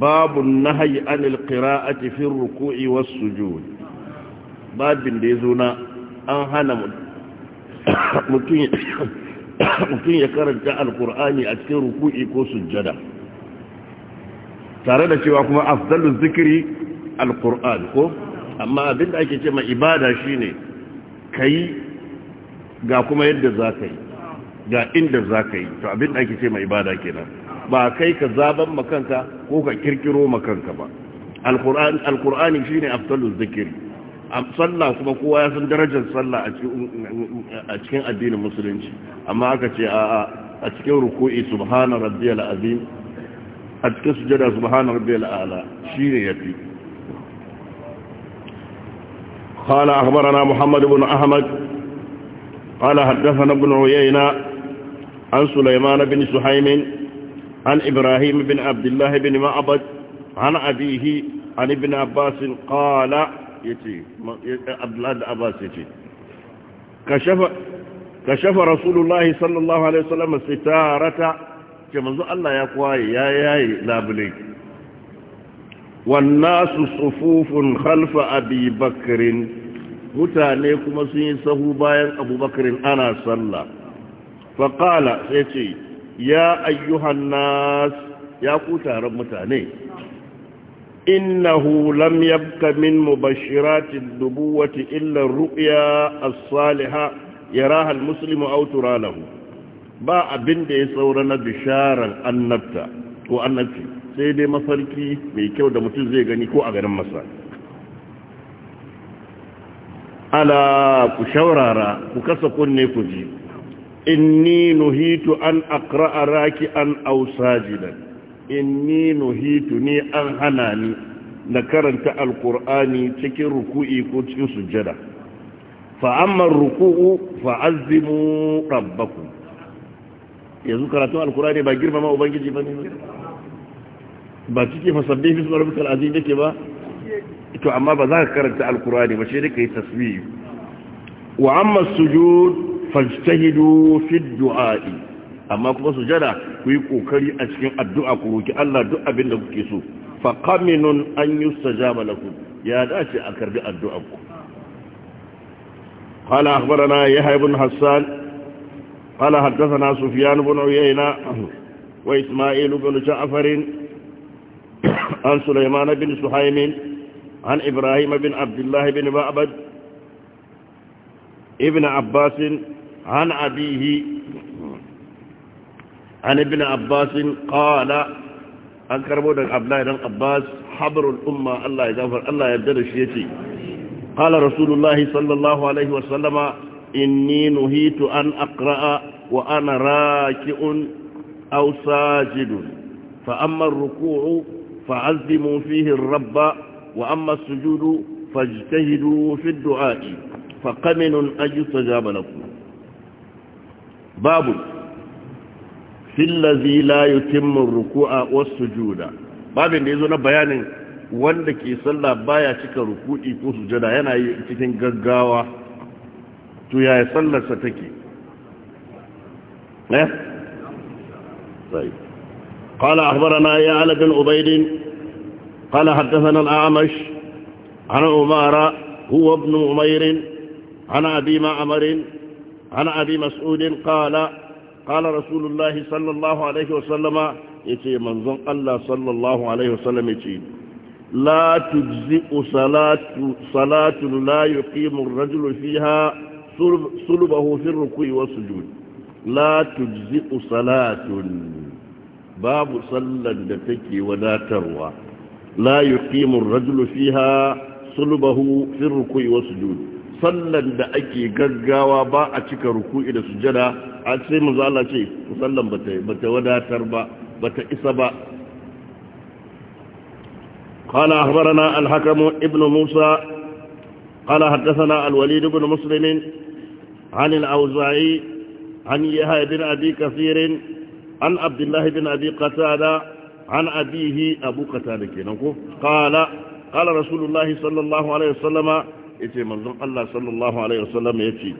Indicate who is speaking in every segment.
Speaker 1: babu nahayi anil qira'ati fi ruku'i was sujud babin da yazo na an hana mutum ya karanta alqur'ani a cikin ruku'i ko sujjada tare da cewa kuma afdalu zikiri alqur'an ko amma abinda ake cewa ibada shine kai ga kuma yadda zaka yi ga inda zaka yi to abinda ake cewa ibada kenan ba kai ka zaban makanka ko ka kirkiro makanka ba alkur'ani shi ne aftalus zikiri sallah kuma kowa ya san darajar sallah a cikin addinin musulunci amma aka ce a cikin ruku'i subhana rabbiyal azim a cikin sujada subhana rabbiyal ala shine yafi قال أخبرنا محمد بن أحمد قال حدثنا ابن عيينة عن سليمان bin Suhaimin. عن إبراهيم بن عبد الله بن معبد عن أبيه عن ابن عباس قال يتي عبد الله بن عباس يتي كشف كشف رسول الله صلى الله عليه وسلم الستارة كما الله يا قواي يا يا لا بلي والناس صفوف خلف أبي بكر mutane kuma sun yi sahu bayan abubakarin ana sallah faƙala sai ce ya ayyuhan nas ya ku taron mutane innahu lam yabka min mubashirati dubuwati illa ru'ya as-saliha yaraha al-muslimu aw turalahu ba abin da ya saura na bisharan annabta ko annabci sai dai mafarki mai kyau da mutum zai gani ko a garin masa ala ku shaurara ku kasa kunne ku ji inni nuhitu an aqra'a raki'an aw sajidan inni nuhitu ni an hana ni na karanta alqur'ani cikin ruku'i ko cikin sujjada fa amma ruku'u fa fa'azzimu rabbakum yanzu karatu alqur'ani ba girmama ubangiji bane ba cikin fasabbi fi sunan rabbikal azim yake ba to amma ba za ka karanta alqur'ani ba sai dai kai tasbih wa amma sujud fajtahidu fi du'a amma kuma sujada ku yi kokari a cikin addu'a ku roki Allah duk abin da kuke so fa qaminun an yustajaba lakum ya dace a karbi addu'a ku qala akhbarana yahya ibn hasan qala hadathana sufyan ibn uyayna wa isma'il ibn ja'far an sulayman ibn suhaym an ibrahim ibn abdullah ibn ba'bad ibn abbas عن أبيه عن ابن عباس قال أكرمه لك أبناء ابن عباس حبر الأمة الله يغفر الله يبدل الشيتي قال رسول الله صلى الله عليه وسلم إني نهيت أن أقرأ وأنا راكع أو ساجد فأما الركوع فعزموا فيه الرب وأما السجود فاجتهدوا في الدعاء فقمن أجل تجاب لكم babu filazi layu timmin ruku'a wasu juda babin da ya zo na bayanin wanda ke sallah baya cika ruku'i ko su yana yi cikin gaggawa to yaya sallarsa take ne? Eh sai kala akbarana ya alabin ubaidin kala haddasan Amash? ana umara huwa abin umairin ana abi ma'amarin عن أبي مسعود قال قال رسول الله صلى الله عليه وسلم يتي منظم الله صلى الله عليه وسلم يتي لا تجزئ صلاة, صلاة لا يقيم الرجل فيها صلبه في الركوع والسجود لا تجزئ صلاة باب صلى لتكي ولا تروى لا يقيم الرجل فيها صلبه في الركوع والسجود sallan da ake gaggawa ba a cika ruku'i da sujada a sai muzala ce sallan bata wadatar ba bata isa ba qala akhbarana al-hakim ibn musa qala hadathana al-walid ibn muslim an al an yahya ibn abi an abdullah ibn abi qatada an abihi abu qatada kenan ko qala qala sallallahu alaihi wasallama yace manzon Allah sallallahu alaihi wasallam yace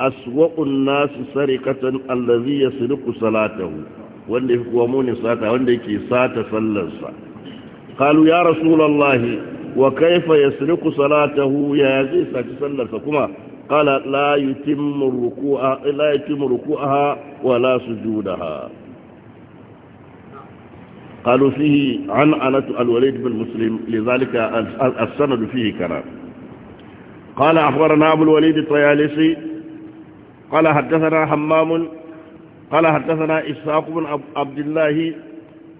Speaker 1: aswa'un nas sarikatan allazi yasriqu salatahu wanda ya yake kuwa muni sata wanda ya ke sata sallarsa Kalu ya rasulullah wa kaifa ya yasriqu salatahu ya zai sata sallarsa kuma kala la yutimmu ruku'a la su ruku'aha wa la sujudaha قالوا فيه عن أنة الوليد بن مسلم لذلك السند فيه كلام قال أخبرنا أبو الوليد الطيالسي قال حدثنا حمام قال حدثنا إسحاق بن عبد الله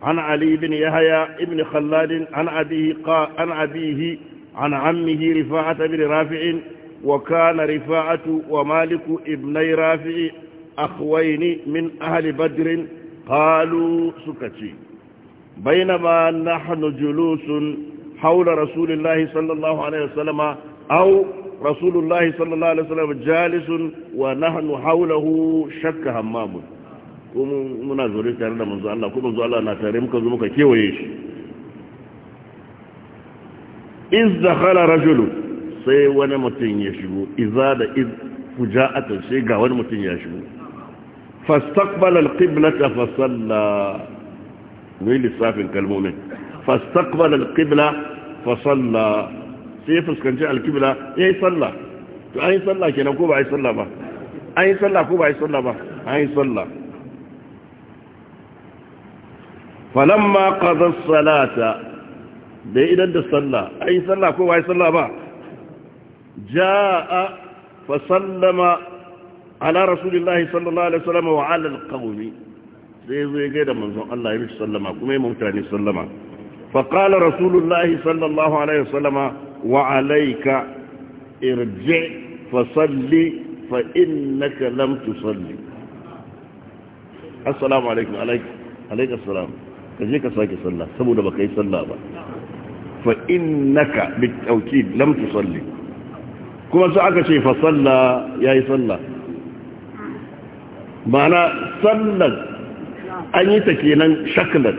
Speaker 1: عن علي بن يحيى بن خلاد عن أبيه قال عن أبيه عن عمه رفاعة بن رافع وكان رفاعة ومالك ابني رافع أخوين من أهل بدر قالوا سكتي بينما نحن جلوس حول رسول الله صلى الله عليه وسلم أو رسول الله صلى الله عليه وسلم جالس ونحن حوله شك kuma muna zaune tare da manzo Allah kuma manzo Allah na tare muka zo muka kewaye shi iz dakhala rajulu sai wani mutum ya shigo iza da iz fuja'atan sai ga wani mutum ya shigo fastaqbala alqiblata fa salla ne lissafin kalmomin fastaqbala alqibla fa salla sai ya fuskanci alkibla ya yi sallah to an yi sallah kenan ko ba a yi sallah ba an yi sallah ko ba a yi sallah ba an yi sallah falamma qadha salata da idan da sallah an yi sallah ko ba a yi sallah ba jaa fa sallama ala rasulillahi sallallahu alaihi wasallam wa ala alqawmi sai zo ya gaida manzon Allah ya mishi sallama kuma ya mutane sallama فقال رسول الله صلى الله عليه وعليك ارجع فصلي فإنك لم تصلي السلام عليكم عليك عليك السلام كذلك ساكي صلى سبونا بكي صلى با فإنك بالتوكيد لم تصلي كما سألك شيء فصلى يا صلى معنى صلى أن يتكينا شكلا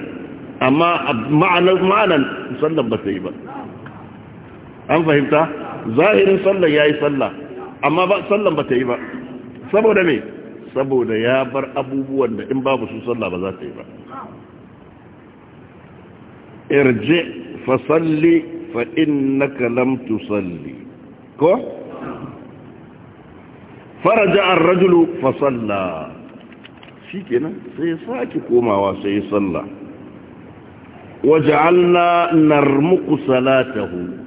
Speaker 1: أما معنى معنى صلى بسيبا an fahimta zahirin sallar ya yi sallah amma ba sallan ba ta yi ba saboda me saboda ya bar abubuwan da in babu su sallah ba za ta yi ba irje fasalli fa innaka lam tusalli ko faraja ar-rajulu fa salla kenan sai saki komawa sai sallah waja'alna narmuqu salatahu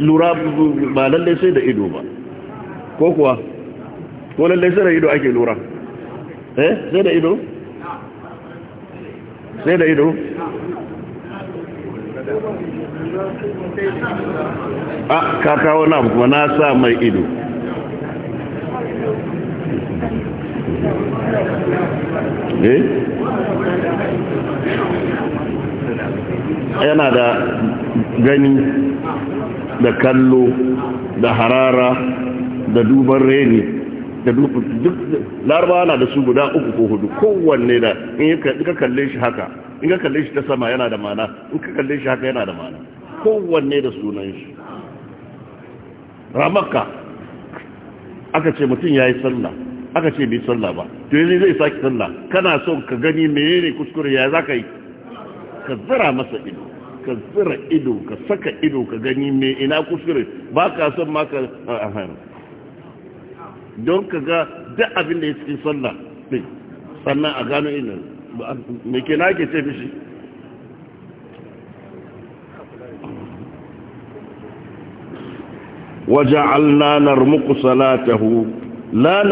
Speaker 1: lura ba lallai sai da ido ba ko kuwa ko lallai sai da ido ake lura
Speaker 2: eh sai da ido sai da ido a kakawo na
Speaker 1: kuma na sa mai ido eh yana da gani da kallo da harara da duban reni da duk larba na da su guda uku ko hudu kowanne da in ka kalle shi haka in ka kalle shi ta sama yana da mana in ka kalle shi haka yana da mana kowanne da sunan shi ramaka aka ce mutum ya yi sallah aka ce bai sallah ba to yanzu zai saki sallah kana son ka gani ne kuskure ya za ka yi ka zira masa ido ka tsira ido ka saka ido ka gani me ina kusurin ba ka son maka ahari don ka ga da abin da ya cikin sallah ɗin sannan a gano ina mai ke na ke ce fi shi wajen allah larmuku salatahu la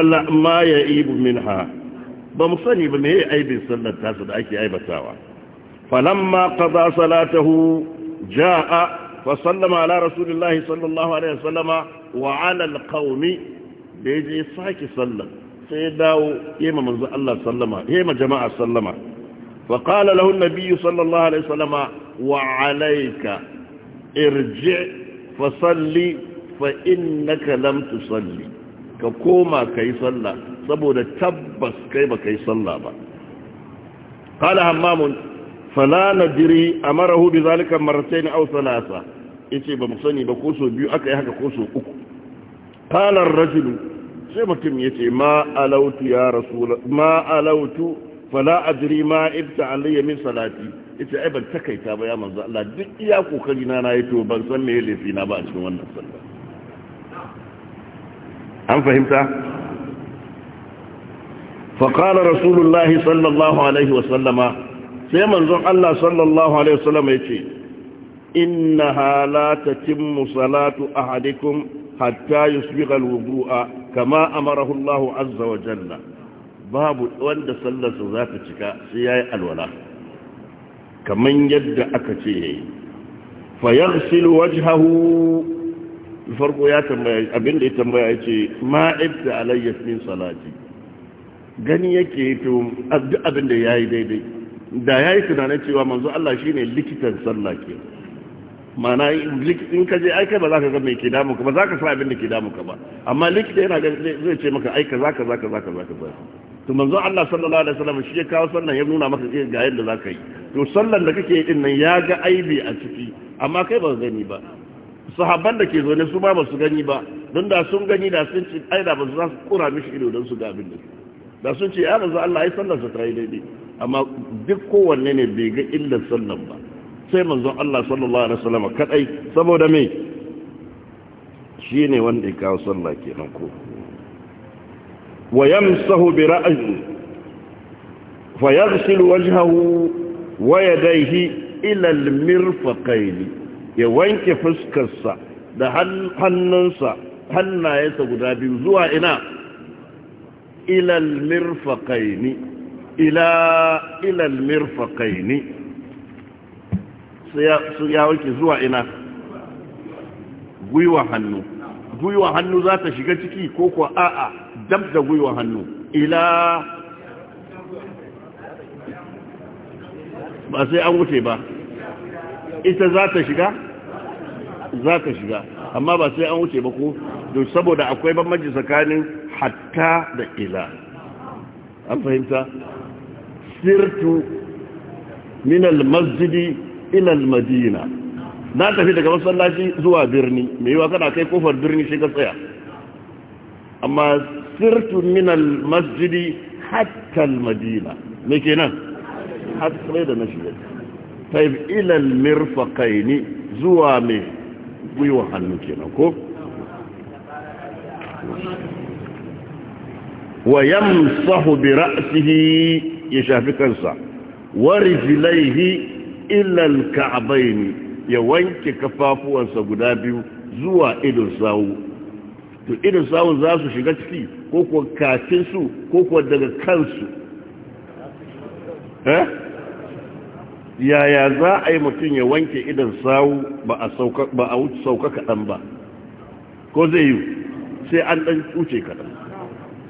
Speaker 1: na ma ya ibu min ha ba musani ba ne ya yi aibin sallar tasa da ake aibatawa فلما قضى صلاته جاء فسلم على رسول الله صلى الله عليه وسلم وعلى القوم بيجي ساكي سلم سيداو يما منذ الله سلم يما جماعة سلم فقال له النبي صلى الله عليه وسلم وعليك ارجع فصلي فإنك لم تصلي كقوما كي صلى سبو تبس كيما كي صلى قال همام fala a nadiri amarahu bi zalika marratayn ausalasa. Ya ce ba mu sani ba ko so biyu aka yi haka ko so uku qala ar sai mutum yace ma alautu ya rasul ma alautu fala adri ma ibta alayya min salati Ya ce ai ban takaita ba ya manzo Allah duk iya kokari na nayi to ban san me laifi na ba a cikin wannan sallah an fahimta فقال رسول الله صلى الله عليه وسلم sai manzon Allah sallallahu alaihi wasallam ya ce inna halata timmu salatu ahadikum hatta yusbiga alwudu'a kama amarahu Allah azza wa jalla babu wanda sallarsa za ta cika sai yayi alwala kaman yadda aka ce yayi silu yaghsilu wajhahu farko ya tambaya abinda ya tambaya yace ma ibta alayya salati gani yake to abin da yayi daidai da ya yi tunanin cewa manzo Allah shi ne likitan sallah ke mana in ka je aika ba za ka ga ke damu ka ba za ka sa abin da ke damu ka ba amma likita yana ga zai ce maka aika za ka za ka za ka za ka za to manzo Allah sallallahu alaihi wasallam shi ya kawo sannan ya nuna maka ga yadda za ka yi to sallan da kake yi din nan ya ga aibi a ciki amma kai ba gani ba sahabban da ke zaune su ma ba su gani ba don da sun gani da sun ce ai da ba za su kura mishi ido don su ga abin da da sun ce ya manzo Allah ai sallar sa ta yi daidai amma duk kowanne ne bai ga illar sallan ba sai manzon Allah sallallahu alaihi wasallam kadai saboda me shine wanda ya kawo sallah kenan ko wa yamsahu bi ra'sihi fa yaghsilu wajhahu wa yadayhi ila al-mirfaqayn ya wanke fuskarsa da hannunsa hannayensa guda biyu zuwa ina ila al-mirfaqayn ila ilal mirfaqaini su ya wuce zuwa ina gwiwa hannu gwiwa hannu za ta shiga ciki ko kuwa a'a dab da gwiwa hannu ila ba sai an wuce ba ita za ta shiga za ta shiga amma ba sai an wuce ba ko don saboda akwai bambanci tsakanin hatta da ila an fahimta sirtu min almasjidi ila almadina na tafi daga masallaci zuwa birni mai yiwa kana kai kofar birni shi ka tsaya amma sirtu min almasjidi hatta almadina me kenan har sai da na shiga taib ila almirfaqaini zuwa me gwiwa hannu kenan ko wa yamsahu bi ra'sihi ya shafi kansa warijilaihi illal ka'abaini ya wanke kafafuwansa guda biyu zuwa idon sawu to idon sawu za su shiga ciki ko kuwa su ko kuwa daga kansu eh? yaya za a yi mutum ya wanke idon sawu ba a sauka kaɗan ba ko zai yi sai an ɗan cuce kaɗan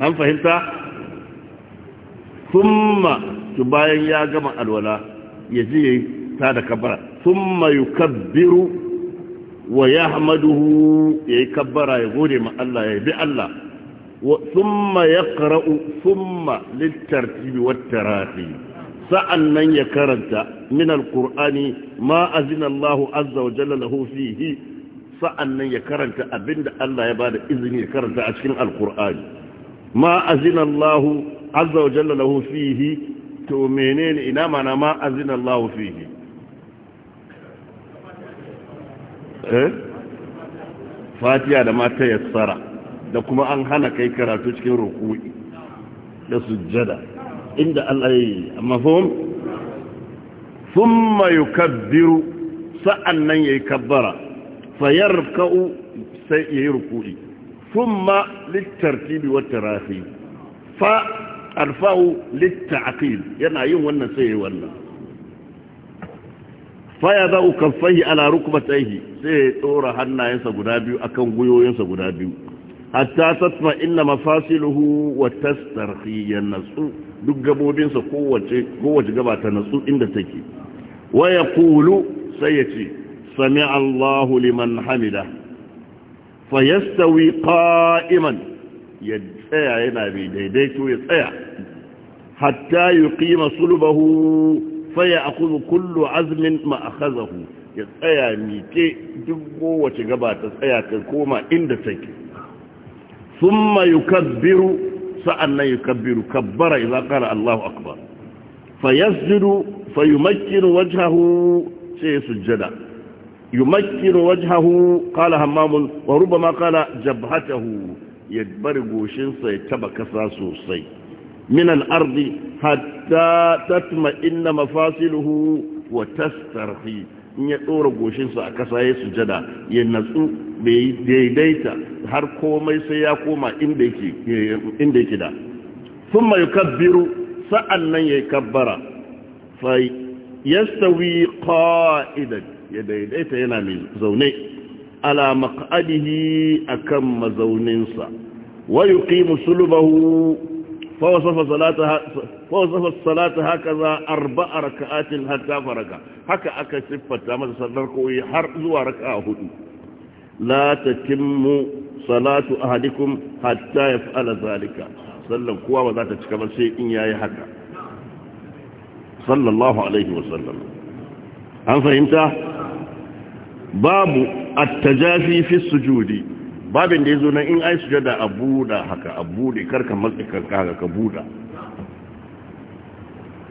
Speaker 1: an fahimta summa su bayan ya gama alwala ya ya yi ta da kabbara thumma yukabbiru wa ya yayi kabbara ya gode ma Allah ya bi Allah thumma yaqra'u thumma litartibi wata tarahi sa'an nan ya karanta min alƙur'ani ma azin Allah azza wa jalla lahu fihi sa'an nan ya karanta abinda Allah ya bada izini ya karanta a cikin alƙur'ani ma azin Allah azza wa jalla lahu fihi to menene ina mana ma azina Allah fihi
Speaker 2: eh fatiha da ma tayassara
Speaker 1: da kuma an hana kai karatu cikin ruku'i da sujjada inda Allah yi amma fahim thumma yukabbiru sa'annan yayi kabbara fayarka'u sai yayi ruku'i thumma litartibi wa tarahi fa alfahu littaqil yana yin wannan sai wannan fa ya za'u kaffaihi ala rukbatayhi sai ya tsora hannayensa guda biyu akan guyoyinsa guda biyu hatta tatma inna mafasiluhu wa tastarhi yanasu duk gabobinsa kowace kowace gaba ta nasu inda take wa yaqulu sai ya ce sami Allahu liman hamida fa yastawi qa'iman tsaya yana mai daidaito ya tsaya hatta yi kima sulbahu faya a kuzu kullu azmin ma'akazahu ya tsaya mike duk kowace gaba ta tsaya ta koma inda take sun ma yi kabbiru sa'an nan yi kabbiru kabbara idan allahu akbar fayasjudu fayumakkinu wajhahu sai sujjada yumakkinu wajhahu kala hammam wa rubama qala jabhatahu ya bari goshinsa ya taba kasa sosai Minan arzi ardi hatta tatma inna mafasiluhu wa tastarhi in ya dora goshinsa a kasa ya sujada ya natsu bai daidaita har komai sai ya koma inda yake inda yake da thumma yukabbiru sa'annan ya kabbara fa yastawi qa'idan ya daidaita yana mai zaune ala maq'adihi akan mazauninsa wa yuqimu sulubahu fa wasafa salataha fa wasafa salata hakaza arba'a raka'atin hatta faraka haka aka siffata masa sallar koyi har zuwa a hudu la tatimmu salatu ahadikum hatta yaf'ala zalika sallan kowa ba za ta cika ba sai in yayi haka sallallahu alaihi wasallam an fahimta babu attajafi fi sujudi babin da yazo nan in ai sujada a buda haka a bude karka matsi karka haka ka buda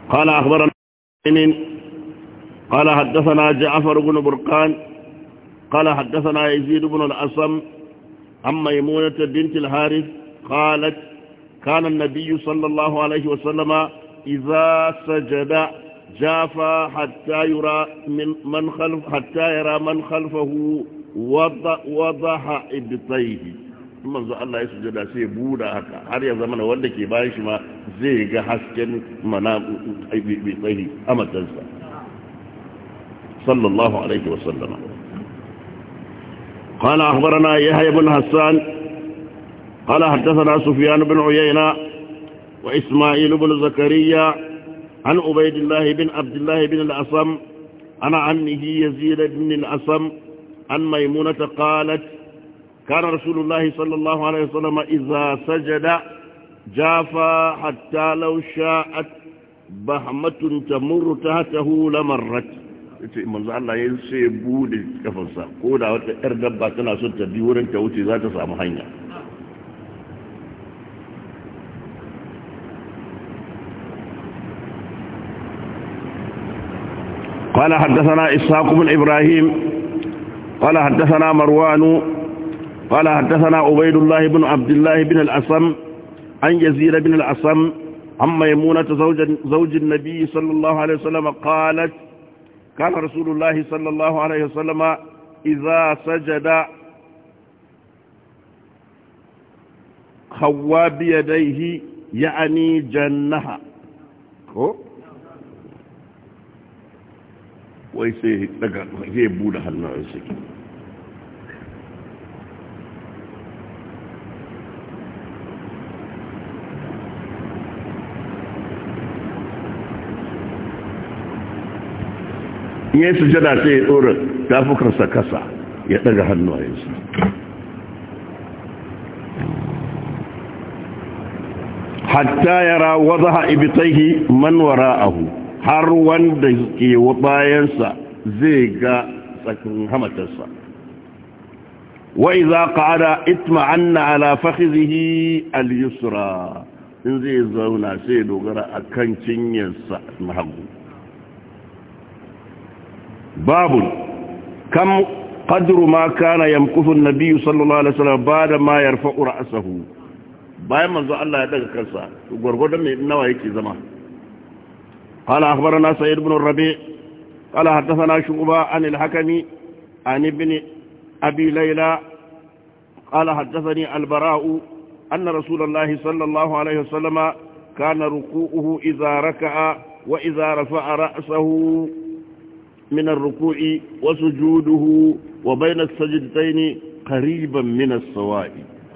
Speaker 1: qala akhbarani qala hadathana ja'far ibn burqan qala hadathana yazid ibn al-asam am maymunah bint al-harith qalat kana an-nabiy sallallahu alayhi wa sallama idha sajada جافا حتى يرى من, من خلف حتى يرى من خلفه وضح ابطيه manzo Allah ya sujada sai ya buda haka har ya zama wanda ke bayan shi ma zai ga hasken mana aibi tsayi a matansa sallallahu alaihi wa sallama قال أخبرنا يحيى بن حسان قال حدثنا سفيان بن عيينة وإسماعيل بن زكريا عن عبيد الله بن عبد الله بن الأصم عن عمه يزيد بن الأصم عن ميمونة قالت كان رسول الله صلى الله عليه وسلم إذا سجد جافا حتى لو شاءت bahmatun tamurru tahtahu lamarrat yace Allah ya sai bude kafansa ko da wata yar dabba tana son ta bi wurin ta wuce za ta samu hanya قال حدثنا إسحاق بن إبراهيم قال حدثنا مروان قال حدثنا عبيد الله بن عبد الله بن الأصم عن يزيد بن الأصم عن ميمونة زوج, زوج النبي صلى الله عليه وسلم قالت كان رسول الله صلى الله عليه وسلم إذا سجد خوى بيديه يعني جنها wai sai daga zai buɗe hannun shi in yi jada sai ya ɗora tafukarsa kasa ya ɗaga hannuwayensu hatta yara wazaha manwara man hu. har wanda ke bayansa zai ga tsakin hamatarsa wai za ka ada itma anna ala fahizihi al-yusra in zai zauna sai dogara a kan cinyarsa na hagu babu kam qadru ma kana يمكث an صلى sallallahu alaihi wasallam ba'da ma yarfa'u ra'sahu bayan manzo Allah ya daga kansa gurgurdan mai nawa yake zama قال أخبرنا سيد بن الربيع قال حدثنا شعبة عن الحكم عن ابن أبي ليلى قال حدثني البراء أن رسول الله صلى الله عليه وسلم كان ركوعه إذا ركع وإذا رفع رأسه من الركوع وسجوده وبين السجدتين قريبا من الصواب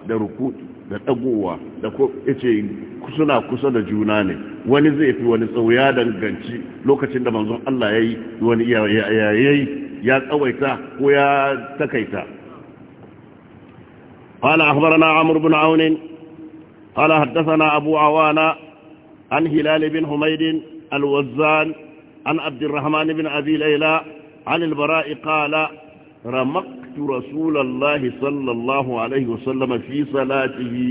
Speaker 1: ده ركوعي da ɗagowa da ko ce suna kusa da juna ne wani zai fi wani tsauya danganci lokacin da manzon Allah ya yi wani yayayi ya tsawaita ko ya takaita قال أخبرنا عمرو بن عون قال حدثنا أبو عوانا عن هلال بن حميد الوزان عن عبد الرحمن بن أبي ليلى عن البراء قال رمقت رسول الله صلى الله عليه وسلم في صلاته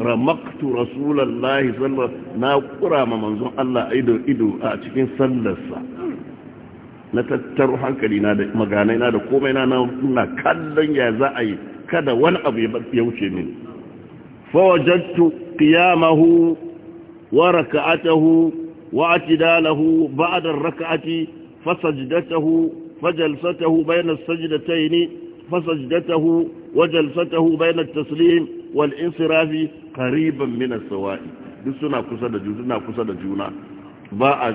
Speaker 1: رمقت رسول الله صلى الله عليه وسلم نا قرى الله ايدو a cikin sallarsa na tattaro hankali na da maganai na da komai na na kallon ya za a yi kada wani abu ya wuce min fawajattu qiyamahu wa raka'atahu wa فجلسته بين السجدتين فسجدته وجلسته بين التسليم والانصراف قريبا من السواء duk suna kusa da juna suna kusa da juna ba a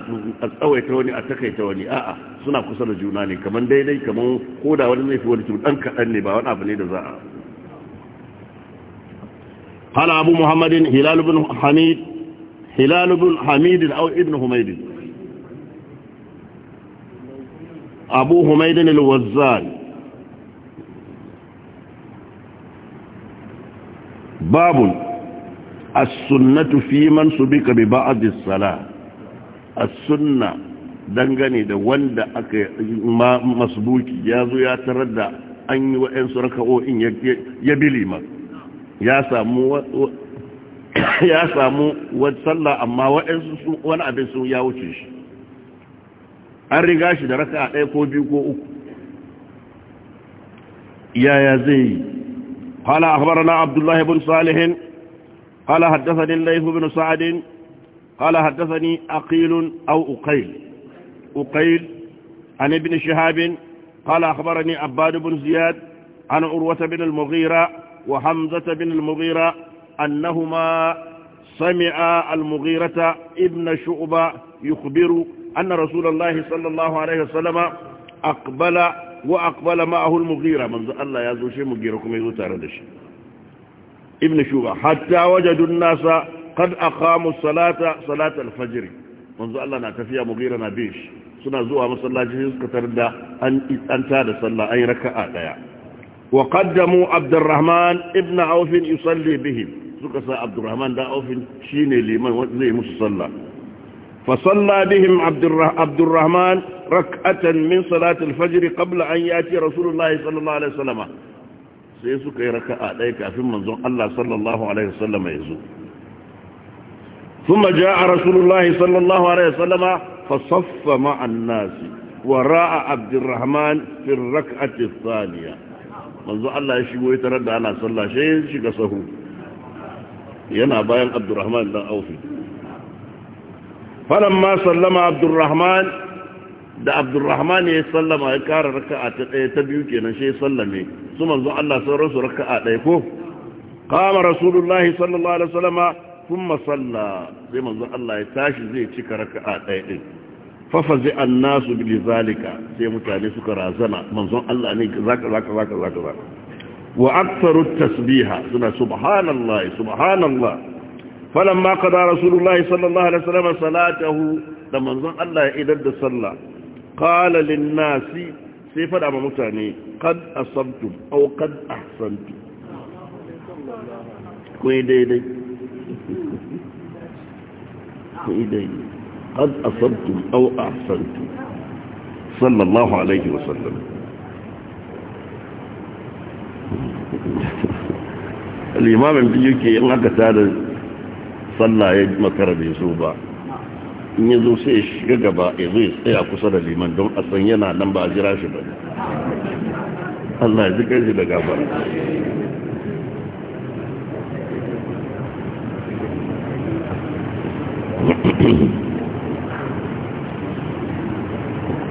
Speaker 1: tsawaita wani a takaita wani a'a suna kusa da juna ne kamar daidai kamar koda wani zai fi wani cutan kaɗan ne ba wani abu ne da za a قال أبو محمد هلال abu humaydin al-wazzal babun as-sunnatu fi man subika bi ba'd as-salah as-sunna dangane da wanda aka masbuki yazo ya tarar da an yi wa'ansu raka'o'in ya bilima ya samu ya samu sallah amma wa'ansu wani abin sun ya wuce shi an riga shi da raka ɗaya ko biyu ko uku yaya zai yi hala na abdullahi bin salihin haddasa ni laifu bin sa'adin sa'd haddasa ni akilun au ukail ukail an ibn shihab قال أخبرني عباد بن زياد عن عروة بن المغيرة وحمزة بن المغيرة أنهما سمع المغيرة ابن shu'uba يخبر أن رسول الله صلى الله عليه وسلم أقبل وأقبل معه المغيرة من ذا الله يزو شيء مغيركم يزو تاردش ابن شوبة حتى وجدوا الناس قد أقاموا الصلاة صلاة الفجر من ذا الله نتفيا مغيرة نبيش سنة زوها مصلاة جهز كترد أن تاد صلى أي ركعة ديا وقدموا عبد الرحمن ابن عوف يصلي بهم سكسا عبد الرحمن دا عوف شيني لمن زي مصلى فصلى بهم عبد الرحمن ركعة من صلاة الفجر قبل أن يأتي رسول الله صلى الله عليه وسلم سيسوك ركعة ليك في منظوم الله صلى الله عليه وسلم يزول ثم جاء رسول الله صلى الله عليه وسلم فصف مع الناس وراء عبد الرحمن في الركعة الثانية منظوم الله يشيبه يترد على صلى الله عليه وسلم ينا باين عبد الرحمن لا أوفي falamma sallama abdurrahman da abdurrahman ya sallama ya kara raka'a ta ɗaya ta biyu kenan shi sallame su manzon Allah sauran su raka'a ɗaya ko qama rasulullahi sallallahu alaihi wasallama thumma salla sai manzon Allah ya tashi zai cika raka'a ɗaya din fa fazi annasu bi zalika sai mutane suka razana manzon Allah ne zaka zaka zaka zaka wa aktharu tasbiha suna subhanallahi subhanallah فلما قضى رسول الله صلى الله عليه وسلم صلاته لما ظن الله إذا صلى قال للناس سيف أما متاني قد أصبتم أو قد أحسنتم كويدي كويدي قد أصبتم أو أحسنتم صلى الله عليه وسلم الإمام البيوكي ينقى تارز صلى يجمع كربه سوبا يذو سيش يقبا يغيص يا كسر الليمان دون أصنينا نمبا أزراش بني الله يذكر يذكر يذكر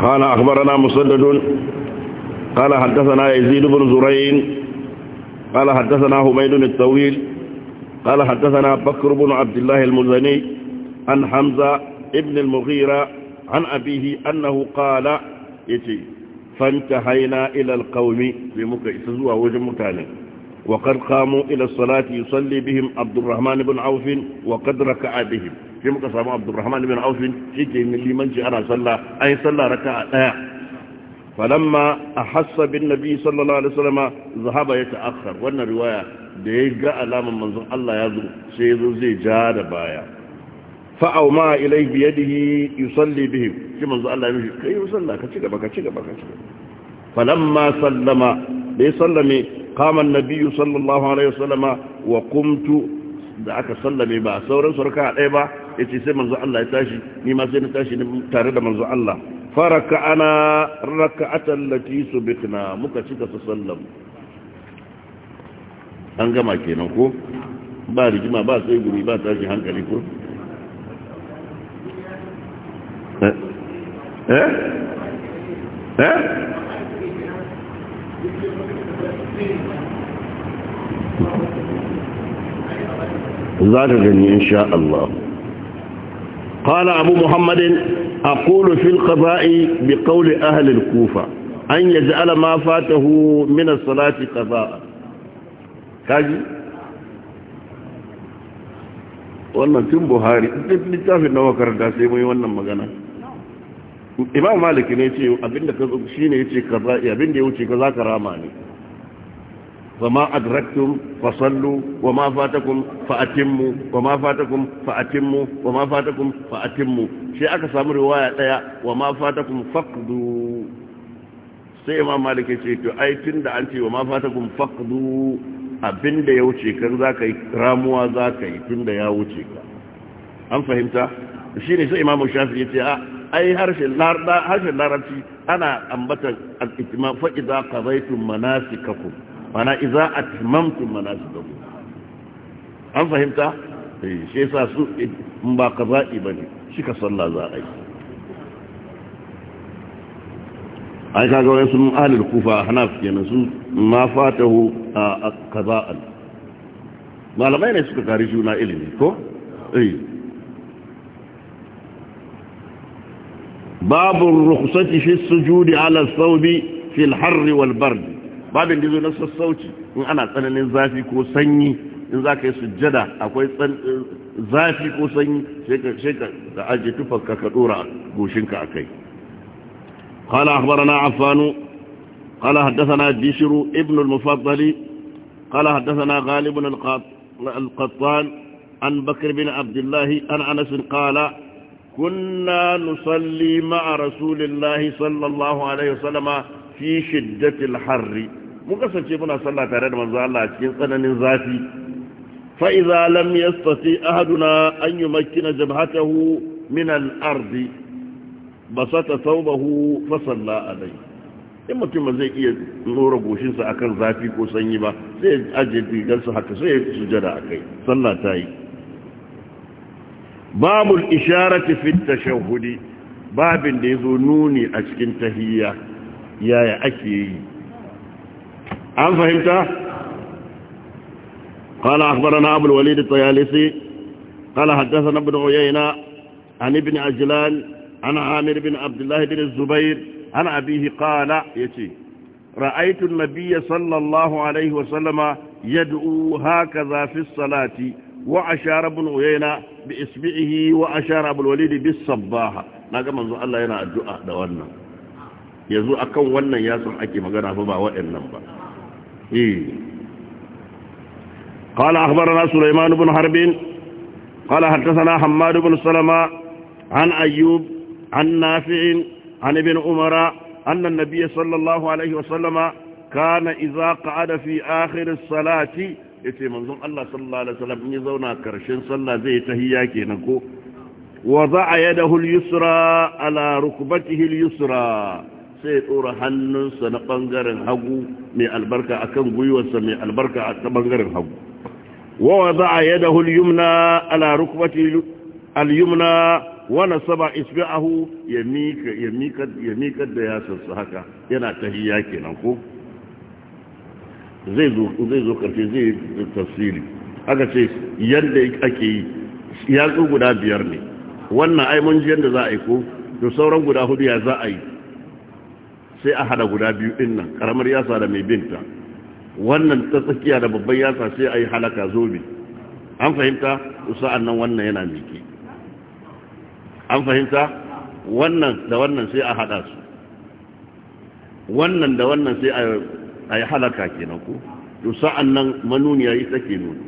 Speaker 1: قال أخبرنا مسدد قال حدثنا يزيد بن زرين قال حدثنا هميد الطويل قال حدثنا بكر بن عبد الله المزني عن حمزة ابن المغيرة عن أبيه أنه قال يتي فانتهينا إلى القوم بمكئسزوا وجمتاني وقد قاموا إلى الصلاة يصلي بهم عبد الرحمن بن عوف وقد ركع بهم في مقصام عبد الرحمن بن عوف شكي من لي منجي أنا صلى أي صلى ركع فلما أحس بالنبي صلى الله عليه وسلم ذهب يتأخر وأن رواية da ya ga alaman manzon Allah ya zo sai ya zo zai ja da baya fa'au ma ilai biyadihi yusalli bihim shi manzon Allah ya mishi kai yi sallah ka ci gaba ka ci gaba ka ci gaba ma sallama da ya sallame kama nabiyyu sallallahu alaihi wasallama wa qumtu da aka sallame ba sauran surka ɗaya ba ya ce sai manzon Allah ya tashi ni ma sai na tashi tare da manzon Allah faraka ana raka'atan lati subikna muka cika su sallamu an gama kenan ko ba rigima ba sai guri ba tashi hankali ko eh eh, eh? za ka gani sha Allah قال أبو محمد أقول في القضاء بقول أهل الكوفة أن يجعل fata فاته من salati قضاء kaji wannan tun buhari ɗin littafin na makaranta sai mai wannan magana imam maliki ne ce abinda ka zo shi ne ya ce za'i abinda ya wuce ka za ka rama ne wa ma adraktum fa sallu wa ma fatakum fa atimmu wa ma fatakum fa atimmu wa ma fatakum fa atimmu sai aka samu riwaya daya wa ma fatakum faqdu sai imam maliki ce to ai tunda an ce wa ma fatakum faqdu abin da ya wuce kan za ka yi ramuwa za ka yi tun da ya wuce ka an fahimta shi ne sai imamu shafi ya ce a ah, ai harshen larabci ana ambata al'itima fa'iza zai tun mana iza su manasikakum an fahimta eh, shi sa su in ba ba ne shi ka sallah za a yi ai kaga wani sun ahlul kufa fiye na su ma fatahu a kaza'an malamai ne suka kari juna ilimi ko? Eh. Babu rukusaci fi sujudi ala saubi fil harri wal bardi babin da na sassauci in ana tsananin zafi ko sanyi in za ka yi sujjada akwai eh, zafi ko sanyi sai ka ajiye tufar ka dora goshinka a kai قال أخبرنا عفان قال حدثنا بشر ابن المفضل قال حدثنا غالب القطان عن بكر بن عبد الله عن أنس قال كنا نصلي مع رسول الله صلى الله عليه وسلم في شدة الحر مقصد شبنا صلى تارد من ذا الله أتكين قنن ذاتي فإذا لم يستطيع أحدنا أن يمكن جبهته من الأرض بسط ثوبه فصلى عليه in mutum zai iya lura goshinsa a kan zafi ko sanyi ba sai ya ajiye rigarsa haka sai ya jada a kai sallah ta yi babul isharati fi tashahhudi babin da ya zo nuni a cikin tahiyya yaya ake yi an fahimta قال أخبرنا أبو الوليد الطيالسي قال حدثنا ابن عيينة عن ابن أجلال عن عامر بن عبد الله بن الزبير an abihi qala yace ra'aytu an-nabiy sallallahu alaihi wa sallama yad'u haka zafi as-salati wa ashara ibn uyayna bi isbi'ihi wa ashara abul walid sabbaha. na naga manzo Allah yana addu'a da wannan yanzu akan wannan ya san ake magana fa ba waɗannan ba eh قال أخبرنا سليمان بن حرب قال حدثنا حماد بن سلمة عن أيوب عن نافع عن ابن عمر أن النبي صلى الله عليه وسلم كان إذا قعد في آخر الصلاة يتي منظم الله صلى الله عليه وسلم يزونا كرشن صلى زي تهياكي نكو وضع يده اليسرى على ركبته اليسرى sai ɗora hannunsa na ɓangaren hagu mai albarka a kan gwiwarsa mai albarka a ta ɓangaren hagu wawa za a yada hulyumna ala rukumati alyumna wani saba isbi'ahu ya mika da su haka yana tahiyya kenan ko zai zo karfe zai tafsiri aka ce yadda ake yi yatsu guda biyar ne wannan ai mun ji yadda za a yi ko to sauran guda hudu ya za a yi sai a hada guda biyu din nan karamar yasa da mai binta wannan ta tsakiya da babban yasa sai a yi halaka zobe an fahimta sa'an nan wannan yana miki an fahimta wannan da wannan sai a haɗa su wannan da wannan sai a yi halaka kenan ku. to sa'an nan manuniya yi take nuna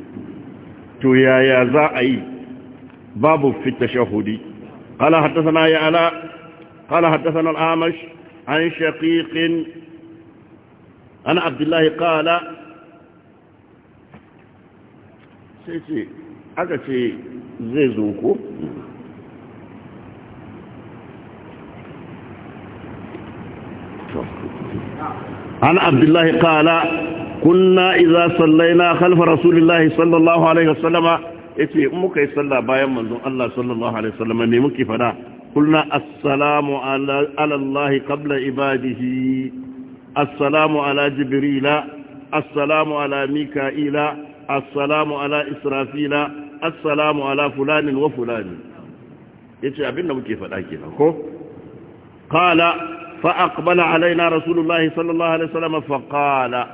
Speaker 1: to yaya za a yi babu fita shahudi qala hadathana ya ala qala hadathana al-amash an shaqiq an abdullah qala sai ce aka ce zai zo ko عن عبد الله قال كنا إذا صلينا خلف رسول الله صلى الله عليه وسلم إتي أمك يصلى بايا من الله صلى الله عليه وسلم نمك فلا قلنا السلام على, على الله قبل عباده السلام على جبريل السلام على ميكائيل السلام على إسرافيل السلام على فلان وفلان يتي أبنى مكيف الأكيد قال فأقبل علينا رسول الله صلى الله عليه وسلم فقال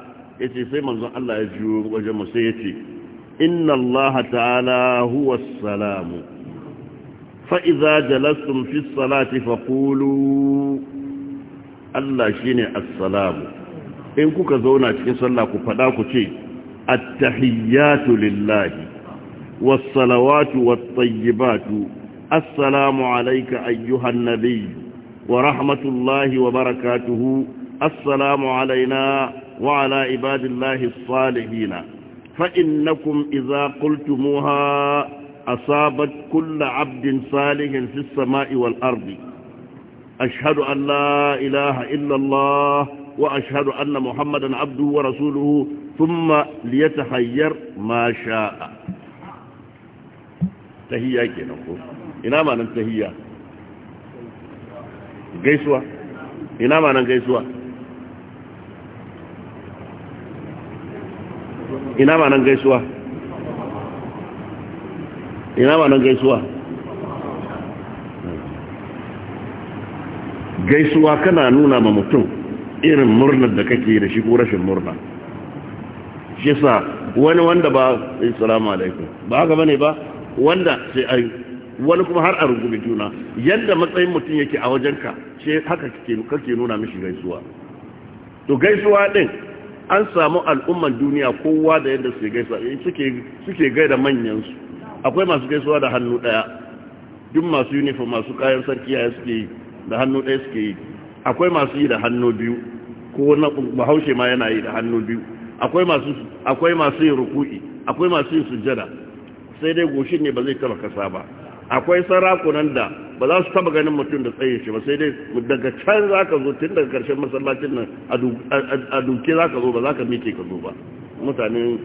Speaker 1: يتي سيمن الله يجوب وجم سيتي إن الله تعالى هو السلام فإذا جلستم في الصلاة فقولوا الله شيني السلام إن كوكا زونا تكين صلاة كفداكو تي التحيات لله والصلوات والطيبات السلام عليك أيها النبي ورحمة الله وبركاته السلام علينا وعلى عباد الله الصالحين فإنكم إذا قلتموها أصابت كل عبد صالح في السماء والأرض أشهد أن لا إله إلا الله وأشهد أن محمدا عبده ورسوله ثم ليتحير ما شاء تهيئك نقول إنما ننتهيئك gaisuwa ina ma nan gaisuwa
Speaker 2: ina ma nan gaisuwa
Speaker 1: ina ma nan gaisuwa gaisuwa kana nuna ma mutum irin murnar da kake da shi ko rashin murna shi sa wani wanda ba salamu alaikum ba haka bane ba wanda sai ai wani kuma har a rungume juna yadda matsayin mutum yake a wajenka ce haka kake nuna mishi gaisuwa to gaisuwa din an samu al'umman duniya kowa da yadda suke gaisuwa eh, suke gaida manyansu akwai masu gaisuwa da hannu daya duk masu uniform masu kayan sarki ya suke yi da hannu daya suke yi akwai masu yi da hannu biyu ko na bahaushe ma yana yi da hannu biyu akwai masu akwai masu yin ruku'i akwai masu yin sujjada sai dai goshin ne ba zai taba kasa ba akwai sarakunan da ba za su taba ganin mutum da tsaye shi ba sai dai daga can za ka zo tun daga karshen masallacin nan a duke za ka zo ba za ka mike ka zo ba mutanen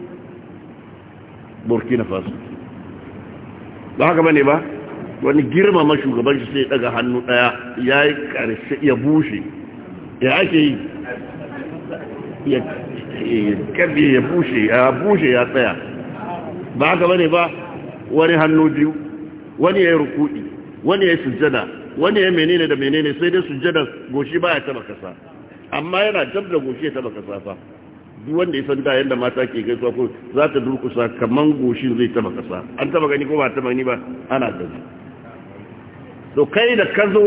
Speaker 1: burkina faso ba haka ba ne ba wani girmama shugaban shi sai daga hannu daya ya yi karshe ya bushe ya ake yi
Speaker 2: ya ya bushe
Speaker 1: ya bushe ya tsaya ba haka ba ne ba wani hannu biyu wani ya yi rukuɗi wani ya yi sujjada wani ya menene da menene sai dai sujjada goshi ba ya taba kasa amma yana jab da goshi ya taba kasa fa duk wanda ya san da yanda mata ke gaisuwa ko za ta durkusa kaman goshi zai taba kasa an taba gani ko ba taba gani ba ana gani to kai da ka zo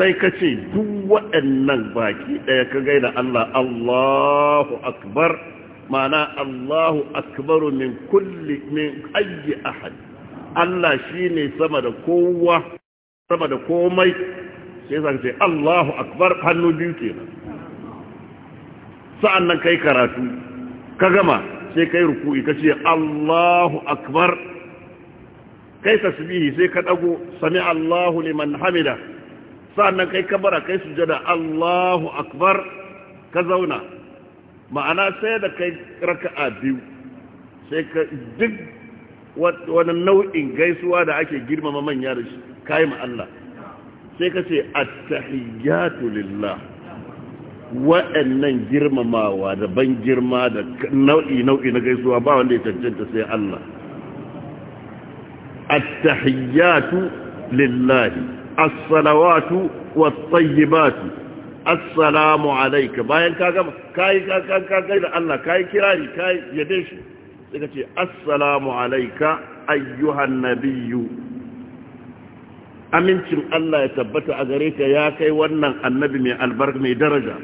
Speaker 1: sai ka ce duk waɗannan baki ɗaya ka gaida Allah Allahu akbar ma'ana Allahu akbaru min kulli min ayyi ahad Allah shi ne sama da kowa sama da komai sai zan ce Allahu akbar hannu biyu ke nan sa'an nan kai karatu ka gama sai kai ruku'i ka ce Allahu akbar kai tasbihi sai ka ɗago sami Allahu liman hamida sa'an nan kai kabara kai sujada Allahu akbar ka zauna ma'ana sai da kai raka'a biyu sai ka duk wani nau'in gaisuwa da ake girmama manya da shi kayi ma Allah sai ka ce attahiyatu lillah wa'annan girmamawa da ban girma da nau'i nau'i na gaisuwa ba wanda ya cancanta sai Allah attahiyatu lillah as-salawatu wat-tayyibatu assalamu alayka bayan ka gama kai ka kai da Allah kai kirari kai yade shi sai ka ce assalamu alaika ayyuhan nabiyyu amincin Allah ya tabbata a gare ka ya kai wannan annabi mai albarka mai daraja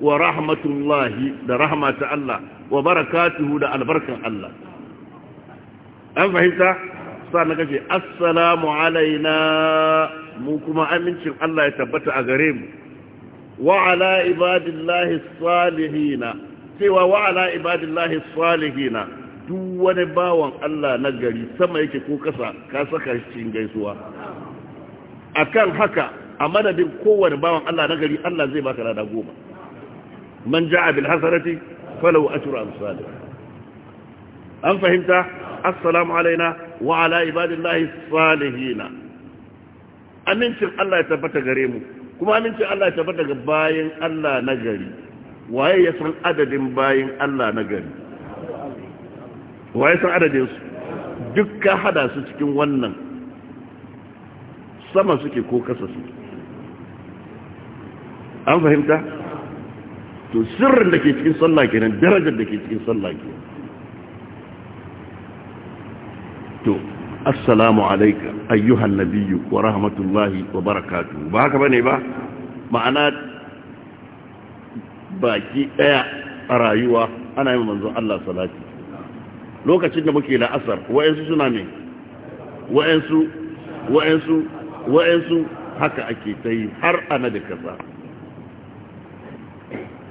Speaker 1: wa rahmatullahi da rahmata Allah wa barakatuhu da albarkan Allah an fahimta sa na kace assalamu alaina mu kuma amincin Allah ya tabbata a gare mu wa ala ibadillahi salihina cewa wa ala ibadillahi salihina duk wani bawan Allah na gari sama yake ko kasa ka saka shi gaisuwa akan haka a madadin kowane bawan Allah na gari Allah zai baka rada goma man ja'a bil hasarati falahu ashru amsalih an fahimta assalamu alaina wa ala ibadillahi salihina amincin Allah ya tabbata gare mu kuma amincin Allah ya tabbata ga bayin Allah na gari waye ya san adadin bayin Allah na gari waye san adadin su dukkan hada su cikin wannan sama suke ko kasa su an fahimta to sirrin da ke cikin sallah kenan darajar da ke cikin sallah kenan to assalamu alayka ayyuhan nabiyyu wa rahmatullahi wa barakatuh ba haka bane ba ma'ana baki daya a rayuwa ana yi manzon Allah salati lokacin da muke la'asar wa'yansu suna ne wa'yansu wa'yansu wa'yansu haka ake ta yi har ana da kasa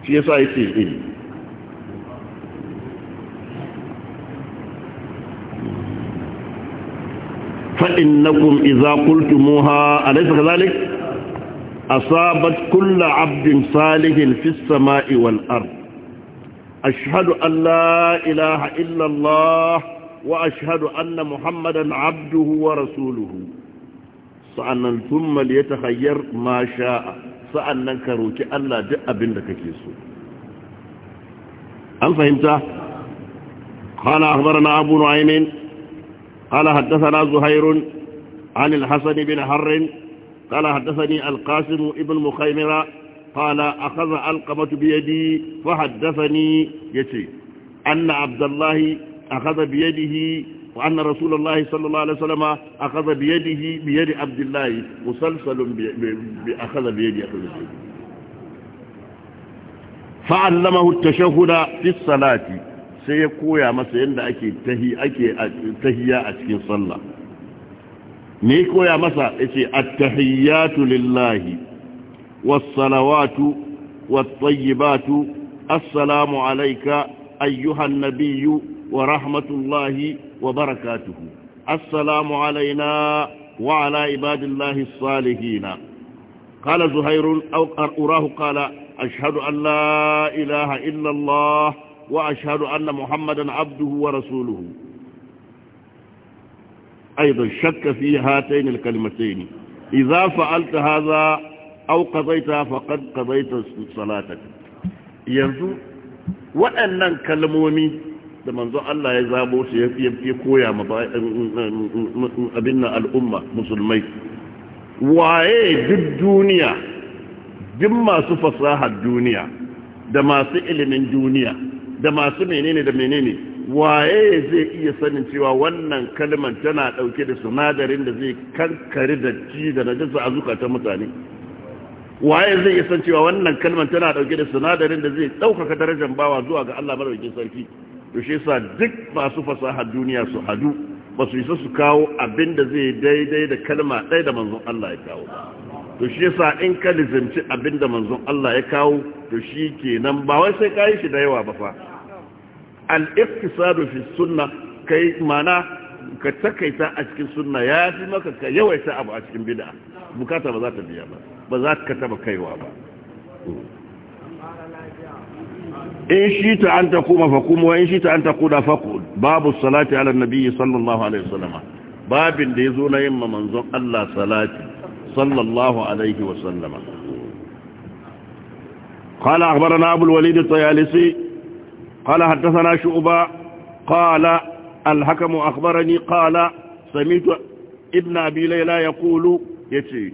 Speaker 1: shi yasa yake yi فإنكم إذا قلتموها أليس كذلك أصابت كل عبد صالح في السماء والأرض أشهد أن لا إله إلا الله وأشهد أن محمدا عبده ورسوله سأنا ثم ليتخير ما شاء سأنا كروك أن لا جاء بندك كيسو هل فهمت؟ قال أخبرنا أبو نعيم قال حدثنا زهير عن الحسن بن حر قال حدثني القاسم ابن مخيمرة قال أخذ علقمة بيدي فحدثني يتي أن عبد الله أخذ بيده وأن رسول الله صلى الله عليه وسلم أخذ بيده بيد عبد الله مسلسل أخذ بيدي أخذ بيدي فعلمه التشهد في الصلاة سيقويا مسيند أكي تهي أكي تهيا أكي صلى نيكويا مسا التحيات لله والصلوات والطيبات السلام عليك أيها النبي ورحمة الله وبركاته السلام علينا وعلى عباد الله الصالحين قال زهير أو أراه قال أشهد أن لا إله إلا الله وأشهد أن محمدا عبده ورسوله أيضا شك في هاتين الكلمتين إذا فعلت هذا au qadaita faqad qadaita salatak yanzu waɗannan kalmomi da manzo Allah ya zabo su ya koya ma eh, abin al'umma musulmai waye duk duniya duk masu fasahar duniya da masu ilimin duniya da masu menene da menene waye zai iya sanin cewa wannan kalmar tana dauke da sinadarin da zai kankare da ci da najasa a zukatan mutane waye zai iya san cewa wannan kalmar tana dauke da sinadarin da zai ɗaukaka darajar bawa zuwa ga Allah madaukakin sarki to shi yasa duk masu fasaha duniya su hadu ba su isa su kawo abin da zai daidai da kalma ɗaya da manzon Allah ya kawo ba to shi yasa in ka lizimci abin da manzon Allah ya kawo to shi kenan ba wai sai kayi shi da yawa ba fa al-iqtisadu fi sunna kai mana ka takaita a cikin sunna ya fi maka ka yawaita abu a cikin bid'a bukata ba za ta biya ba ba za ka taba kaiwa ba
Speaker 2: in shi ta
Speaker 1: an ta kuma fakum wa in shi ta an ta kuda faku babu salati ala nabiyyi sallallahu alaihi wasallam babin da ya zo na yin manzon Allah salati sallallahu alaihi wasallam قال أخبرنا أبو الوليد الطيالسي قال حدثنا شعبا قال الحكم أخبرني قال سمعت ابن أبي ليلى يقول يتي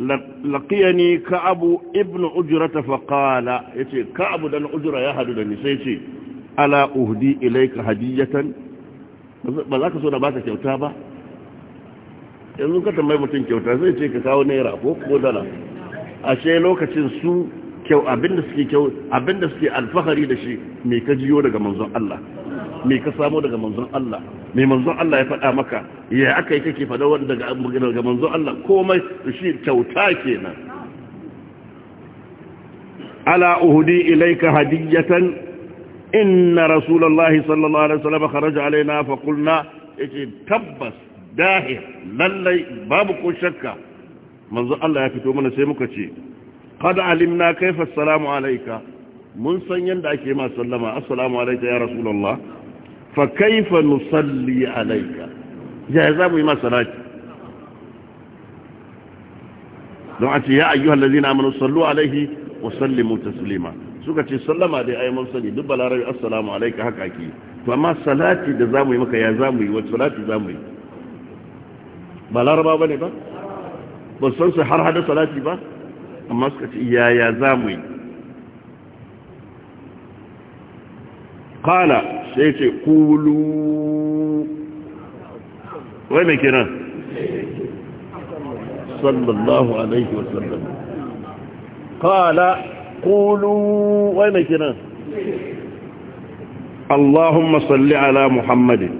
Speaker 1: laƙiyani ka ibnu ibn ujira ta faƙala ya ce ka abu da na ujira ya hadu da ni ya ce ala uhudi ilaika hadiyatan ba za ka so da ba ka kyauta ba yanzu ka tambayi mutum kyauta zai ce ka kawo naira ko ko dala a lokacin su kyau abinda suke suke alfahari da shi me ka jiyo daga manzon Allah me ka samu daga manzon Allah mai manzon Allah ya faɗa maka ya aka yi kake faɗa wanda daga manzon Allah komai shi kyauta kenan ala uhudi ilaika hadiyatan inna rasulullahi sallallahu alaihi wasallam kharaja alaina fa qulna yace tabbas dahir lallai babu ko shakka manzon Allah ya fito mana sai muka ce qad alimna kayfa assalamu alayka mun san yanda ake ma sallama assalamu alayka ya rasulullah fa kaifa nusalli alayka ya za mu yi masa salati don a ce ya ayyuhal na amanu sallu alaihi wa sallimu taslima suka ce sallama dai ayi mun sani duk balarabi assalamu alaika haka ake to amma salati da za mu yi maka ya za mu yi wa salati za mu yi balaraba ne ba ba san su har hada salati ba amma suka ce ya ya mu yi qala sai ce kulu wai mai kira sallallahu alaihi wasallam kala kulu wai mai kira allahumma salli ala muhammadin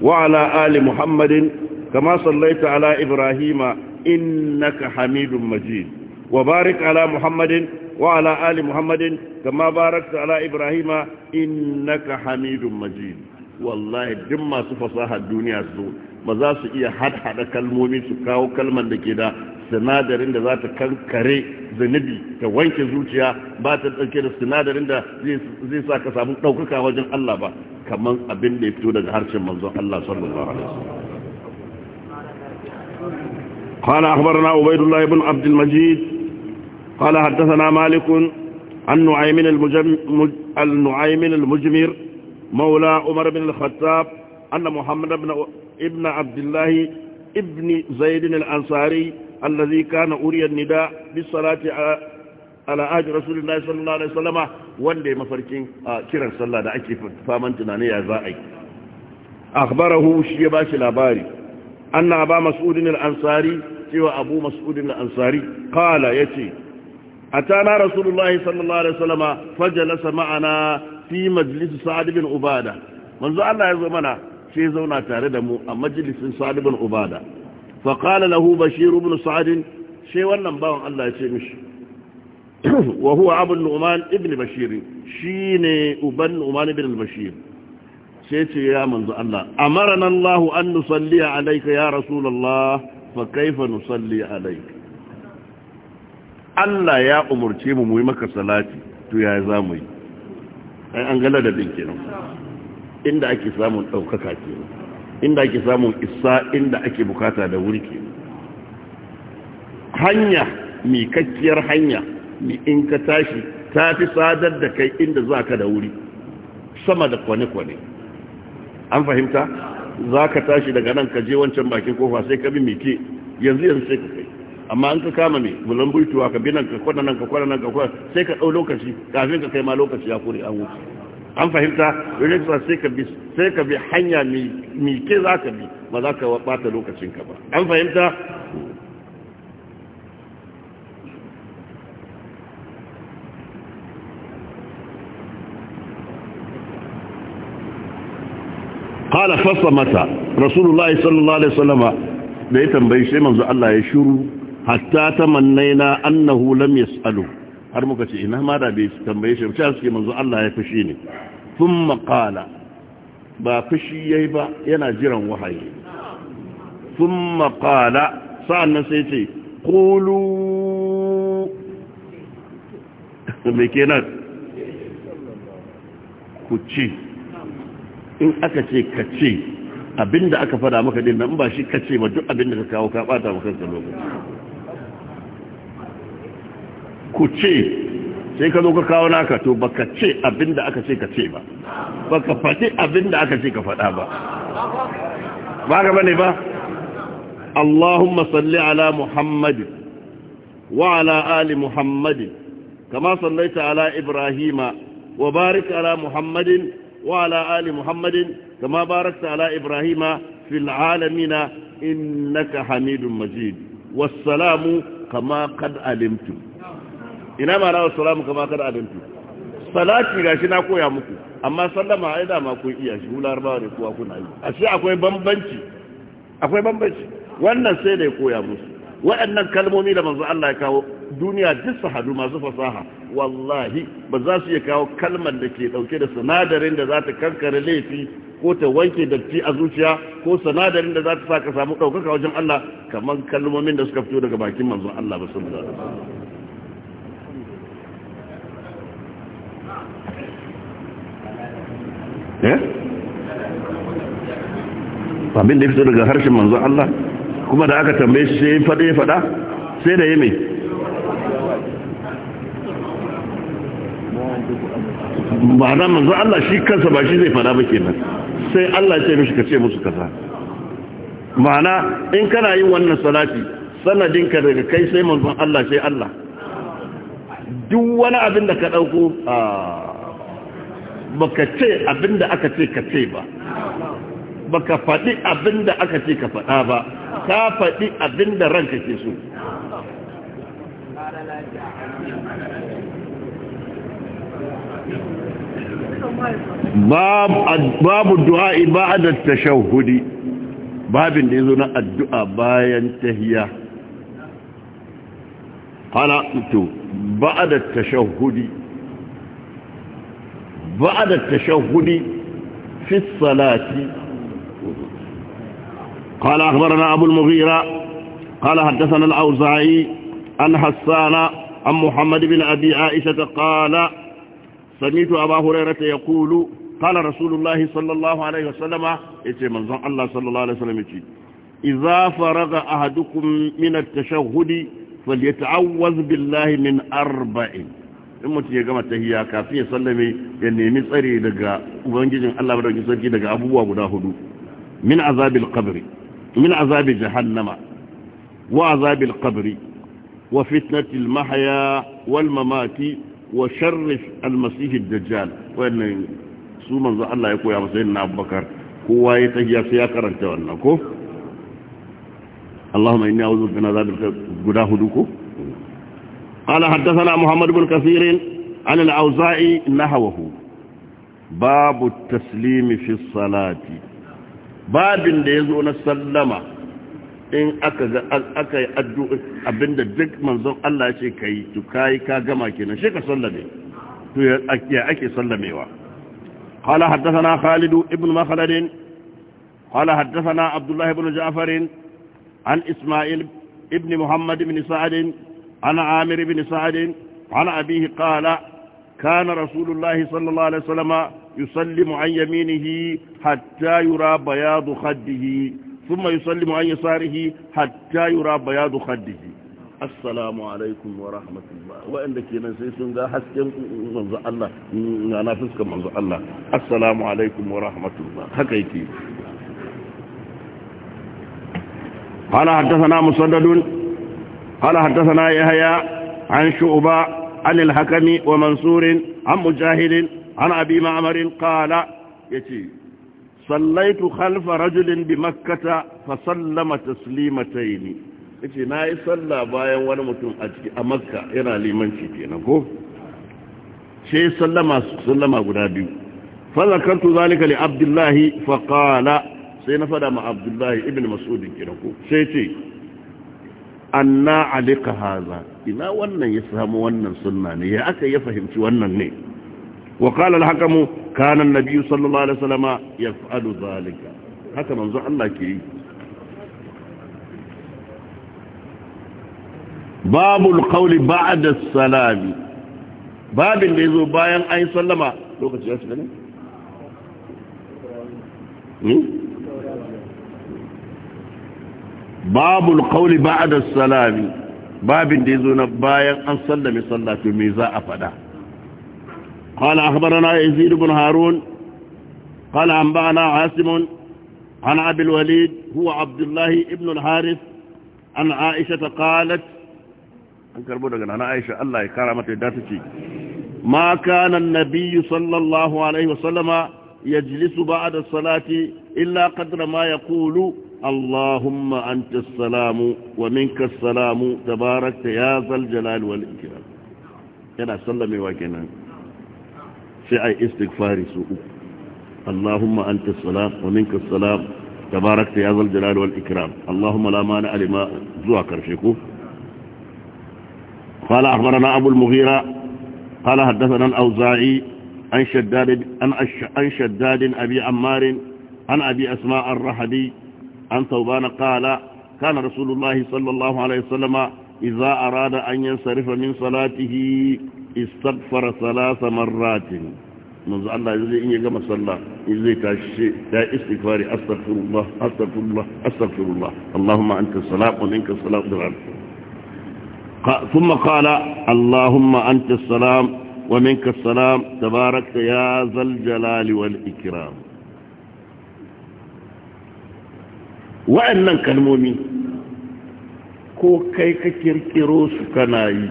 Speaker 1: wa ali muhammadin kama sallaita ala ibrahima innaka hamidun majid wa barik ala muhammadin وعلى آل محمد كما باركت على إبراهيم إنك حميد مجيد والله جمع سفصاها الدنيا سوء maza su iya hada kalmomi su kawo kalmar da ke da sinadarin da za ta kankare zanibi ta wanke zuciya ba ta ɗauke da sinadarin da zai sa ka samu ɗaukaka wajen Allah ba kamar abin da ya fito daga harshen manzon Allah sallallahu alaihi wasallam قال أخبرنا عبيد الله بن عبد قال حدثنا مالك عن نعيم المجم المجمر مولى عمر بن الخطاب أن محمد بن ابن عبد الله ابن زيد الأنصاري الذي كان أري النداء بالصلاة على أهل رسول الله صلى الله عليه وسلم وندي مفركين كرا صلى الله عليه وسلم فامن تناني زائي أخبره الشيباش الأباري أن أبا مسؤول الأنصاري سوى أبو مسؤول الأنصاري قال يتي أتانا رسول الله صلى الله عليه وسلم فجلس معنا في مجلس سعد بن عبادة منذ الله يزمنا في زونا تاردمو مجلس سعد بن عبادة فقال له بشير بن سعد شيء ونباهم الله يسمش وهو أبو النعمان ابن بشير شين أبن نعمان بن البشير سيتي يا منذ الله أمرنا الله أن نصلي عليك يا رسول الله فكيف نصلي عليك Allah ya umurce mu mu yi maka salati to ya za mu yi ai an gala da din kenan inda ake samun ɗaukaka kenan inda ake samun isa inda ake bukata da wuri kenan hanya kakkiyar hanya mi in ka tashi ta fi sadar da kai inda za ka da wuri sama da kwane-kwane an fahimta za ka tashi daga nan ka je wancan bakin kofa sai ka bi mike yanzu yanzu sai ka kai amma an ka kama mai bulan bultuwa ka binan ka kwana nan ka kwana nan ka kwana sai ka ɗau lokaci kafin ka kai ma lokaci ya kure an wuce an fahimta rinsa sai ka bi sai ka bi hanya mai ke za ka bi ba za ka bata lokacin ka ba an fahimta قال فصمت mata Rasulullah sallallahu alaihi Wasallama وسلم da ya tambayi sai manzo Allah ya shuru hatta mannaina annahu lam yasalu har muka ce ina ma da bai tambaye shi ba suke manzo Allah ya fushi ne thumma qala ba fushi yayi ba yana jiran wahayi thumma qala na sai ce qulu me kenan ku ci in aka ce ka ce abinda aka fada maka din nan ba shi kace ba duk abinda ka kawo ka bata maka lokaci ku ce sai ka zo ka kawo naka to baka ce abinda aka ce ka ce ba baka faɗi abinda aka ce ka faɗa ba ba ga bane ba Allahumma salli ala Muhammadin wa ala ali Muhammadin kama sallaita ala Ibrahima, wa barik ala Muhammadin wa ala ali Muhammadin kama barakta ala Ibrahim fil alamina innaka Hamidum Majid wassalamu kama qad alimtum ina ma rawar salamu kama kada abinci salati ga shi na koya muku amma sallama a dama ku iya shi hular ba ne kuwa kuna yi a shi akwai bambanci akwai bambanci wannan sai da ya koya musu waɗannan kalmomi da manzo Allah ya kawo duniya duk sahadu masu fasaha wallahi ba za su iya kawo kalmar da ke ɗauke da sinadarin da za ta kankare laifi ko ta wanke datti a zuciya ko sinadarin da za ta sa ka samu ɗaukaka wajen Allah kamar kalmomin da suka fito daga bakin manzo Allah ba sun Eh? abin da ya fito daga harshen manzon Allah kuma da aka tambaye shi sai faɗe faɗa sai da ya mai ba na manzon Allah shi kansa ba shi zai faɗa ba kenan sai Allah ce mishi ka ce musu kaza ma'ana in kana yin wannan salati sanadinka daga kai sai manzon Allah sai Allah duk wani abin da ka ɗauko a ah, baka ce abinda aka ce ka ce ba baka faɗi abinda aka ce ka faɗa ba ka faɗi abinda ranka ke so babu du'a ibadar tashahudi babin da yazo na addu'a bayan tahiyya hala to ba'da tashahudi بعد التشهد في الصلاة قال أخبرنا أبو المغيرة قال حدثنا الأوزعي عن حسان عن محمد بن أبي عائشة قال سمعت أبا هريرة يقول قال رسول الله صلى الله عليه وسلم اتمنى الله صلى الله عليه وسلم إذا فرغ أحدكم من التشهد فليتعوذ بالله من أربعين in mutum ya gama tahiyya kafin ya sallame ya nemi tsare daga ubangijin Allah madaukakin sarki daga abubuwa guda hudu min azabil qabri min azabi jahannama wa azabil qabri wa fitnatil mahya wal mamati wa sharrif al masih ad dajjal wannan su manzo Allah ya koya masa na Abubakar kowa ya tahiyya sai ya karanta wannan ko Allahumma inni a'udhu bika min azabil guda hudu ko قال حدثنا محمد بن كثير عن الأوزاء نهوه باب التسليم في الصلاة باب ليزون السلمة in aka ga aka yi addu’i abinda duk manzon Allah ce ka yi ka gama kenan shi ka sallame to ya ake sallamewa kala haddasa khalidu ibn makhaladin kala haddasa abdullahi ibn ja'farin an ismail ibn muhammad ibn sa'adin عن عامر بن سعد عن أبيه قال كان رسول الله صلى الله عليه وسلم يسلم عن يمينه حتى يرى بياض خده ثم يسلم عن يساره حتى يرى بياض خده السلام عليكم ورحمة الله وإن كنا سيسون ذا حسكن منظر الله أنا فسك منظر الله السلام عليكم ورحمة الله حكيتي قال حدثنا مسدد قال حدثنا يحيى عن شعبة عن الحكم ومنصور عن مجاهد عن أبي معمر قال يتي صليت خلف رجل بمكة فسلم تسليمتين yace na yi sallah bayan wani mutum a ciki a makka yana limanci kenan ko sai sallama sallama guda biyu fazakartu zalika li abdullahi fa qala sai na fada ma abdullahi ibn mas'ud kenan ko ce anna alika haza ina wannan ya samu wannan sunna ne ya aka ya fahimci wannan ne wa qala al-hakamu kana an-nabi sallallahu alaihi wasallama yaf'alu zalika haka manzo Allah ke yi babul qawli ba'da as-salami babin da yazo bayan ayi sallama lokaci ya shiga ne hmm? babul qawli ba'da salami babin da yazo na bayan an sallame sallatu me za a fada قال أخبرنا يزيد بن هارون قال أنبأنا عاصم عن أبي الوليد هو عبد الله ابن الحارث عن عائشة قالت an karbo daga nana aisha Allah ya kara mata yadda take ma kana annabi sallallahu alaihi wasallama yajlisu ba'da salati illa qadra ma Kulu. اللهم أنت السلام ومنك السلام تبارك يا ذا الجلال والإكرام كنا سلم وكنا في أي استغفار سوء اللهم أنت السلام ومنك السلام تبارك يا ذا الجلال والإكرام اللهم لا مانع لما زوكر شكو قال أخبرنا أبو المغيرة قال حدثنا الأوزاعي عن شداد عن شداد أبي عمار عن أبي أسماء الرحدي an taubana kala kana rasulullahi sallallahu alaihi wasallama idza arada an yansarifa min salatihi istaghfara salasa marratin manzo Allah zai gama sallah zai tashi da istighfari astaghfirullah astaghfirullah astaghfirullah allahumma anta salam wa minka salam dirab ثم قال اللهم انت السلام ومنك السلام تبارك يا ذا الجلال والاكرام wa'annan kalmomi ko kai ka kirkiro su kana yi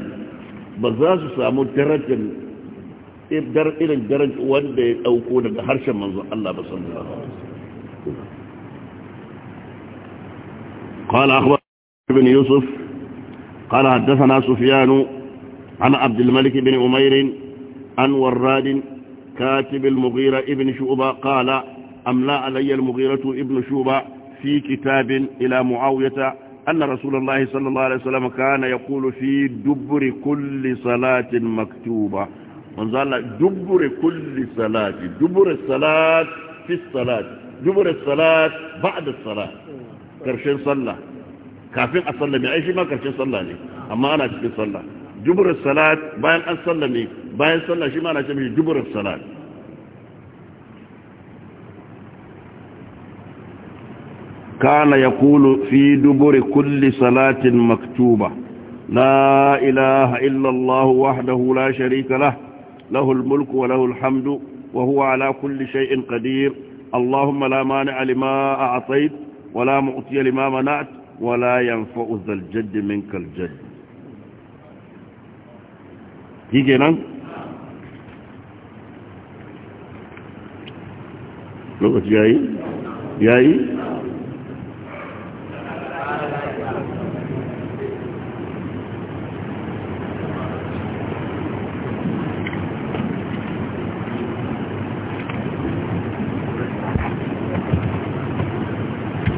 Speaker 1: ba za su samu darajar irin darajar wanda ya dauko daga harshen manzon Allah ba sallallahu alaihi wasallam قال أخبر بن يوسف قال حدثنا سفيان عن عبد الملك بن أمير عن وراد كاتب المغيرة ابن شعبة قال أملا علي المغيرة ابن شعبة في كتاب إلى معاوية أن رسول الله صلى الله عليه وسلم كان يقول في دبر كل صلاة مكتوبة وانزال دبر كل صلاة دبر الصلاة في الصلاة دبر الصلاة بعد الصلاة كرشين صلى كافين أصلى بعيش ما كرشين صلى لي أما أنا كرشين صلى دبر الصلاة باين أصلى لي باين صلى ما أنا كرشين دبر الصلاة kana ya kulu fi dubure kulli salatin maktuba la ilaha illallah wahdahu la sharika lah lahul mulku wa lahul hamdu wa huwa ala kulli shay'in qadir اللهم لا مانع لما أعطيت ولا معطي لما منعت ولا ينفع ذا الجد منك الجد يجي نعم لغة جاي جاي